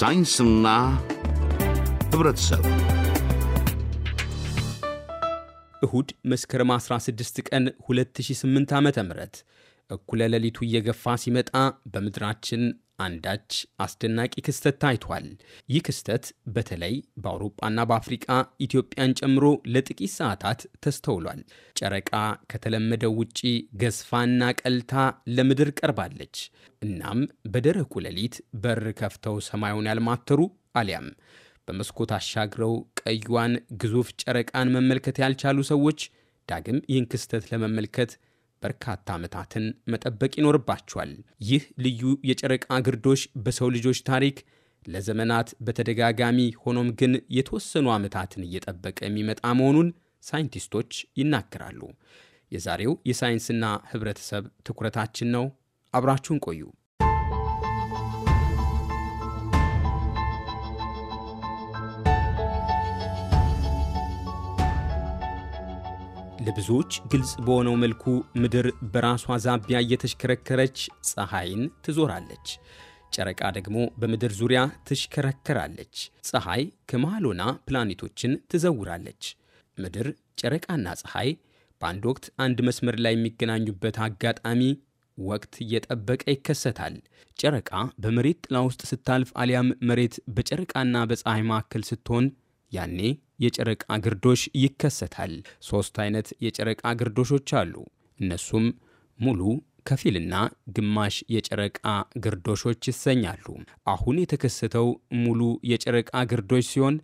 ሳይንስና ህብረተሰብ እሁድ መስከረም 16 ቀን 2008 ዓ ም እኩለ ሌሊቱ እየገፋ ሲመጣ በምድራችን አንዳች አስደናቂ ክስተት ታይቷል። ይህ ክስተት በተለይ በአውሮፓና በአፍሪቃ ኢትዮጵያን ጨምሮ ለጥቂት ሰዓታት ተስተውሏል። ጨረቃ ከተለመደው ውጪ ገዝፋና ቀልታ ለምድር ቀርባለች። እናም በደረቁ ሌሊት በር ከፍተው ሰማዩን ያልማተሩ አሊያም በመስኮት አሻግረው ቀይዋን ግዙፍ ጨረቃን መመልከት ያልቻሉ ሰዎች ዳግም ይህን ክስተት ለመመልከት በርካታ ዓመታትን መጠበቅ ይኖርባቸዋል። ይህ ልዩ የጨረቃ ግርዶሽ በሰው ልጆች ታሪክ ለዘመናት በተደጋጋሚ ሆኖም ግን የተወሰኑ ዓመታትን እየጠበቀ የሚመጣ መሆኑን ሳይንቲስቶች ይናገራሉ። የዛሬው የሳይንስና ሕብረተሰብ ትኩረታችን ነው። አብራችሁን ቆዩ። ለብዙዎች ግልጽ በሆነው መልኩ ምድር በራሷ ዛቢያ እየተሽከረከረች ፀሐይን ትዞራለች። ጨረቃ ደግሞ በምድር ዙሪያ ትሽከረከራለች። ፀሐይ ከመሃል ሆና ፕላኔቶችን ትዘውራለች። ምድር፣ ጨረቃና ፀሐይ በአንድ ወቅት አንድ መስመር ላይ የሚገናኙበት አጋጣሚ ወቅት እየጠበቀ ይከሰታል። ጨረቃ በመሬት ጥላ ውስጥ ስታልፍ አሊያም መሬት በጨረቃና በፀሐይ መካከል ስትሆን ያኔ የጨረቃ ግርዶሽ ይከሰታል። ሶስት አይነት የጨረቃ ግርዶሾች አሉ። እነሱም ሙሉ ከፊልና ግማሽ የጨረቃ ግርዶሾች ይሰኛሉ። አሁን የተከሰተው ሙሉ የጨረቃ ግርዶሽ ሲሆን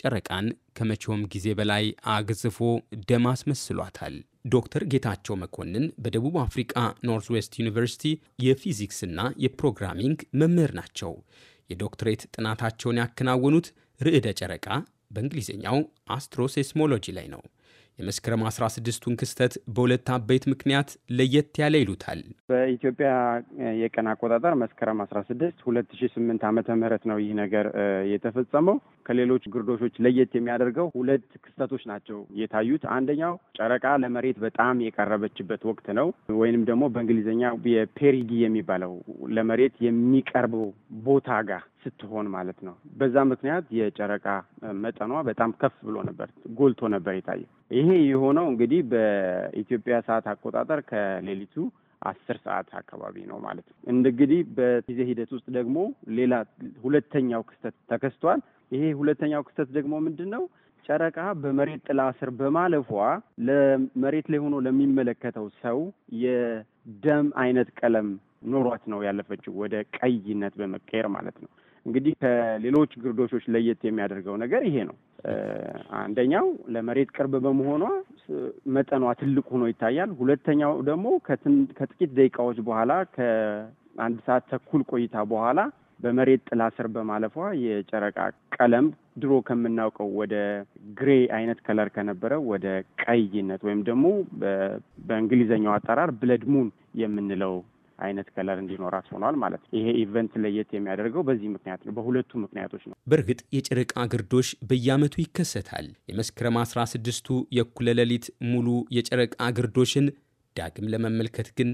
ጨረቃን ከመቼውም ጊዜ በላይ አግዝፎ ደም አስመስሏታል። ዶክተር ጌታቸው መኮንን በደቡብ አፍሪቃ ኖርት ዌስት ዩኒቨርሲቲ የፊዚክስና የፕሮግራሚንግ መምህር ናቸው። የዶክትሬት ጥናታቸውን ያከናወኑት ርዕደ ጨረቃ በእንግሊዝኛው አስትሮሴስሞሎጂ ላይ ነው። የመስከረም 16ቱን ክስተት በሁለት አበይት ምክንያት ለየት ያለ ይሉታል። በኢትዮጵያ የቀን አቆጣጠር መስከረም 16 2008 ዓመተ ምህረት ነው ይህ ነገር የተፈጸመው። ከሌሎች ግርዶሾች ለየት የሚያደርገው ሁለት ክስተቶች ናቸው የታዩት። አንደኛው ጨረቃ ለመሬት በጣም የቀረበችበት ወቅት ነው፣ ወይንም ደግሞ በእንግሊዝኛ የፔሪጊ የሚባለው ለመሬት የሚቀርበው ቦታ ጋር ስትሆን ማለት ነው። በዛ ምክንያት የጨረቃ መጠኗ በጣም ከፍ ብሎ ነበር፣ ጎልቶ ነበር የታየው። ይሄ የሆነው እንግዲህ በኢትዮጵያ ሰዓት አቆጣጠር ከሌሊቱ አስር ሰዓት አካባቢ ነው ማለት ነው። እንግዲህ በጊዜ ሂደት ውስጥ ደግሞ ሌላ ሁለተኛው ክስተት ተከስቷል። ይሄ ሁለተኛው ክስተት ደግሞ ምንድን ነው? ጨረቃ በመሬት ጥላ ስር በማለፏ ለመሬት ላይ ሆኖ ለሚመለከተው ሰው የደም አይነት ቀለም ኖሯት ነው ያለፈችው፣ ወደ ቀይነት በመቀየር ማለት ነው። እንግዲህ ከሌሎች ግርዶሾች ለየት የሚያደርገው ነገር ይሄ ነው። አንደኛው ለመሬት ቅርብ በመሆኗ መጠኗ ትልቅ ሆኖ ይታያል። ሁለተኛው ደግሞ ከጥቂት ደቂቃዎች በኋላ ከአንድ ሰዓት ተኩል ቆይታ በኋላ በመሬት ጥላ ስር በማለፏ የጨረቃ ቀለም ድሮ ከምናውቀው ወደ ግሬ አይነት ከለር ከነበረ ወደ ቀይነት ወይም ደግሞ በእንግሊዘኛው አጠራር ብለድሙን የምንለው አይነት ከለር እንዲኖራት ሆኗል ማለት ነው። ይሄ ኢቨንት ለየት የሚያደርገው በዚህ ምክንያት ነው፣ በሁለቱ ምክንያቶች ነው። በእርግጥ የጨረቃ ግርዶሽ በየዓመቱ ይከሰታል። የመስከረም 16ቱ የእኩለ ሌሊት ሙሉ የጨረቃ ግርዶሽን ዳግም ለመመልከት ግን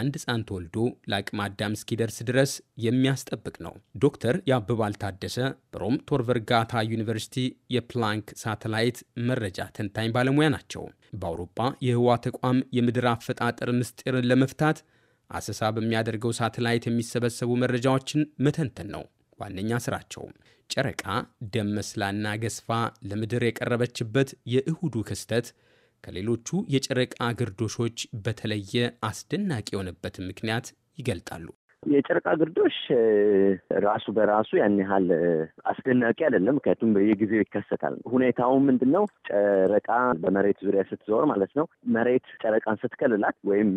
አንድ ሕፃን ተወልዶ ለአቅመ አዳም እስኪደርስ ድረስ የሚያስጠብቅ ነው። ዶክተር የአበባል ታደሰ በሮም ቶር ቨርጋታ ዩኒቨርሲቲ የፕላንክ ሳተላይት መረጃ ተንታኝ ባለሙያ ናቸው። በአውሮፓ የህዋ ተቋም የምድር አፈጣጠር ምስጢርን ለመፍታት አሰሳ በሚያደርገው ሳተላይት የሚሰበሰቡ መረጃዎችን መተንተን ነው ዋነኛ ስራቸው። ጨረቃ ደም መስላና ገዝፋ ለምድር የቀረበችበት የእሁዱ ክስተት ከሌሎቹ የጨረቃ ግርዶሾች በተለየ አስደናቂ የሆነበትን ምክንያት ይገልጣሉ። የጨረቃ ግርዶሽ ራሱ በራሱ ያን ያህል አስደናቂ አይደለም። ምክንያቱም በየጊዜው ይከሰታል። ሁኔታው ምንድን ነው? ጨረቃ በመሬት ዙሪያ ስትዞር ማለት ነው። መሬት ጨረቃን ስትከልላት ወይም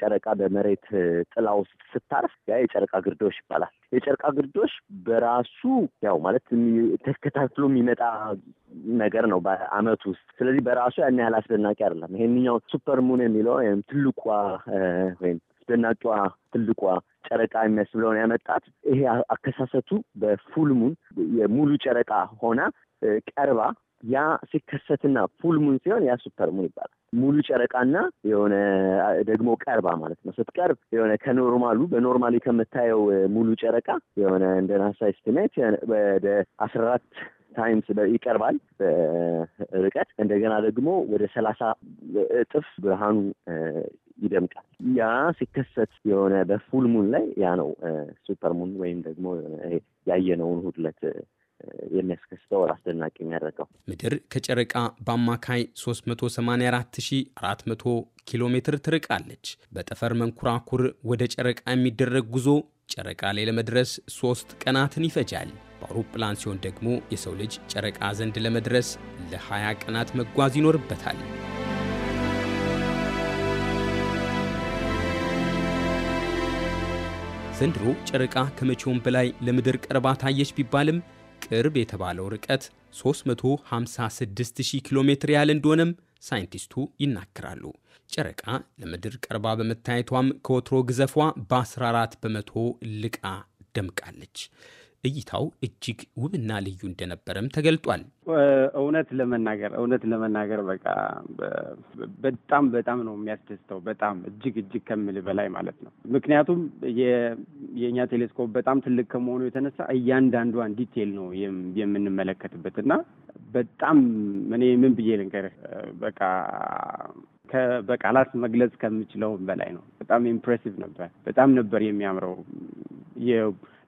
ጨረቃ በመሬት ጥላ ውስጥ ስታርፍ ያ የጨረቃ ግርዶሽ ይባላል። የጨረቃ ግርዶሽ በራሱ ያው ማለት ተከታትሎ የሚመጣ ነገር ነው በአመቱ ውስጥ። ስለዚህ በራሱ ያን ያህል አስደናቂ አይደለም። ይሄንኛው ሱፐርሙን የሚለው ወይም ትልቋ ወይም አስደናቂዋ ትልቋ ጨረቃ የሚያስብለውን ያመጣት ይሄ አከሳሰቱ በፉልሙን የሙሉ ጨረቃ ሆና ቀርባ ያ ሲከሰትና ፉልሙን ሲሆን ያ ሱፐርሙን ይባላል። ሙሉ ጨረቃና የሆነ ደግሞ ቀርባ ማለት ነው። ስትቀርብ የሆነ ከኖርማሉ በኖርማሊ ከምታየው ሙሉ ጨረቃ የሆነ እንደ ናሳ ወደ አስራ አራት ታይምስ ይቀርባል በርቀት እንደገና ደግሞ ወደ ሰላሳ እጥፍ ብርሃኑ ይደምቃል። ያ ሲከሰት የሆነ በፉል ሙን ላይ ያ ነው ሱፐር ሙን ወይም ደግሞ ያየነውን ሁድለት የሚያስከስተው አስደናቂ የሚያደርገው ምድር ከጨረቃ በአማካይ 384400 ኪሎ ሜትር ትርቃለች። በጠፈር መንኮራኩር ወደ ጨረቃ የሚደረግ ጉዞ ጨረቃ ላይ ለመድረስ ሶስት ቀናትን ይፈጃል። በአውሮፕላን ሲሆን ደግሞ የሰው ልጅ ጨረቃ ዘንድ ለመድረስ ለ20 ቀናት መጓዝ ይኖርበታል። ዘንድሮ ጨረቃ ከመቼውም በላይ ለምድር ቀርባ ታየች ቢባልም ቅርብ የተባለው ርቀት 356,000 ኪሎ ሜትር ያህል እንደሆነም ሳይንቲስቱ ይናገራሉ። ጨረቃ ለምድር ቀርባ በመታየቷም ከወትሮ ግዘፏ በ14 በመቶ ልቃ ደምቃለች። እይታው እጅግ ውብና ልዩ እንደነበረም ተገልጧል። እውነት ለመናገር እውነት ለመናገር በቃ በጣም በጣም ነው የሚያስደስተው። በጣም እጅግ እጅግ ከምል በላይ ማለት ነው። ምክንያቱም የእኛ ቴሌስኮፕ በጣም ትልቅ ከመሆኑ የተነሳ እያንዳንዷን ዲቴል ነው የምንመለከትበት እና በጣም እኔ ምን ብዬ ልንገርህ በቃ በቃላት መግለጽ ከምችለውም በላይ ነው። በጣም ኢምፕሬሲቭ ነበር። በጣም ነበር የሚያምረው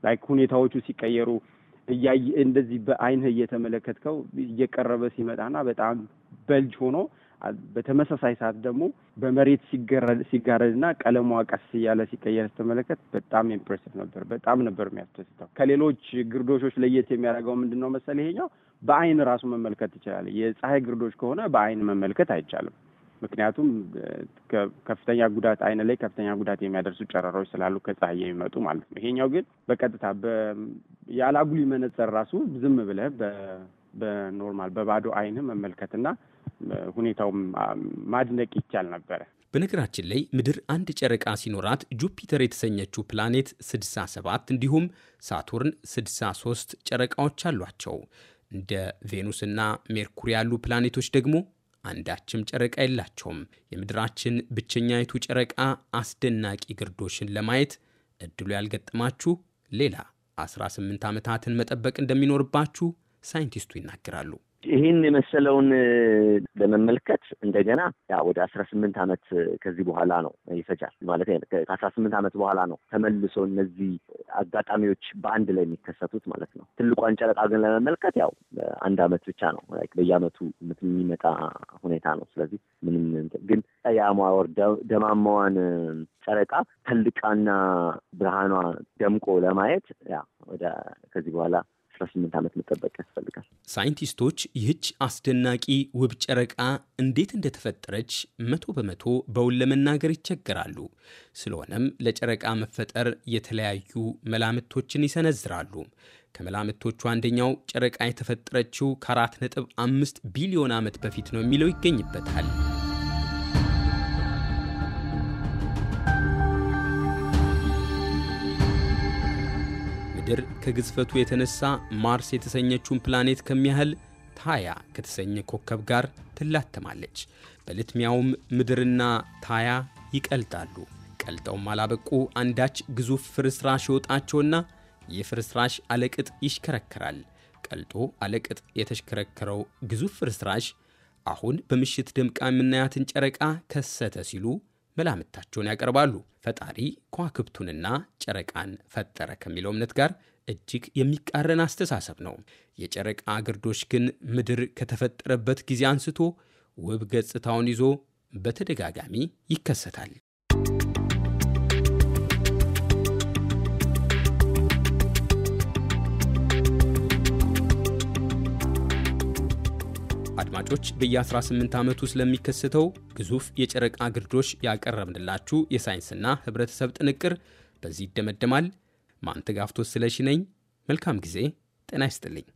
ላይክ ሁኔታዎቹ ሲቀየሩ እያየ እንደዚህ በአይንህ እየተመለከትከው እየቀረበ ሲመጣና በጣም በልጅ ሆኖ በተመሳሳይ ሰዓት ደግሞ በመሬት ሲጋረድ እና ቀለሟ ቀስ እያለ ሲቀየር ስትመለከት በጣም ኢምፕሬሲቭ ነበር። በጣም ነበር የሚያስደስተው። ከሌሎች ግርዶሾች ለየት የሚያደርገው ምንድን ነው መሰለ? ይሄኛው በአይን ራሱ መመልከት ይችላል የፀሐይ ግርዶች ከሆነ በአይን መመልከት አይቻልም። ምክንያቱም ከፍተኛ ጉዳት አይን ላይ ከፍተኛ ጉዳት የሚያደርሱ ጨረራዎች ስላሉ ከፀሐይ የሚመጡ ማለት ነው። ይሄኛው ግን በቀጥታ የአላጉሊ አጉሊ መነጽር ራሱ ዝም ብለህ በኖርማል በባዶ አይን መመልከትና ሁኔታው ማድነቅ ይቻል ነበረ። በነገራችን ላይ ምድር አንድ ጨረቃ ሲኖራት ጁፒተር የተሰኘችው ፕላኔት 67 እንዲሁም ሳቱርን 63 ጨረቃዎች አሏቸው። እንደ ቬኑስ እና ሜርኩሪ ያሉ ፕላኔቶች ደግሞ አንዳችም ጨረቃ የላቸውም። የምድራችን ብቸኛይቱ ጨረቃ አስደናቂ ግርዶሽን ለማየት እድሉ ያልገጠማችሁ ሌላ 18 ዓመታትን መጠበቅ እንደሚኖርባችሁ ሳይንቲስቱ ይናገራሉ። ይህን የመሰለውን ለመመልከት እንደገና ያ ወደ አስራ ስምንት አመት ከዚህ በኋላ ነው ይፈጃል ማለት ከአስራ ስምንት አመት በኋላ ነው ተመልሶ እነዚህ አጋጣሚዎች በአንድ ላይ የሚከሰቱት ማለት ነው። ትልቋን ጨረቃ ግን ለመመልከት ያው አንድ አመት ብቻ ነው በየአመቱ የሚመጣ ሁኔታ ነው። ስለዚህ ምንም ግን ጨያማ ወር ደማማዋን ጨረቃ ተልቃና ብርሃኗ ደምቆ ለማየት ያ ወደ ከዚህ በኋላ አስራ ስምንት አመት መጠበቅ ሳይንቲስቶች ይህች አስደናቂ ውብ ጨረቃ እንዴት እንደተፈጠረች መቶ በመቶ በውን ለመናገር ይቸገራሉ። ስለሆነም ለጨረቃ መፈጠር የተለያዩ መላምቶችን ይሰነዝራሉ። ከመላምቶቹ አንደኛው ጨረቃ የተፈጠረችው ከ4.5 ቢሊዮን ዓመት በፊት ነው የሚለው ይገኝበታል። ምድር ከግዝፈቱ የተነሳ ማርስ የተሰኘችውን ፕላኔት ከሚያህል ታያ ከተሰኘ ኮከብ ጋር ትላተማለች። በልትሚያውም ምድርና ታያ ይቀልጣሉ። ቀልጠውም አላበቁ። አንዳች ግዙፍ ፍርስራሽ ይወጣቸውና የፍርስራሽ አለቅጥ ይሽከረከራል። ቀልጦ አለቅጥ የተሽከረከረው ግዙፍ ፍርስራሽ አሁን በምሽት ደምቃ የምናያትን ጨረቃ ከሰተ ሲሉ መላምታቸውን ያቀርባሉ። ፈጣሪ ከዋክብቱንና ጨረቃን ፈጠረ ከሚለው እምነት ጋር እጅግ የሚቃረን አስተሳሰብ ነው። የጨረቃ ግርዶች ግን ምድር ከተፈጠረበት ጊዜ አንስቶ ውብ ገጽታውን ይዞ በተደጋጋሚ ይከሰታል። አድማጮች በየ18 ዓመቱ ስለሚከሰተው ግዙፍ የጨረቃ ግርዶሽ ያቀረብንላችሁ የሳይንስና ህብረተሰብ ጥንቅር በዚህ ይደመደማል። ማንተጋፍቶ ስለሽነኝ መልካም ጊዜ። ጤና ይስጥልኝ።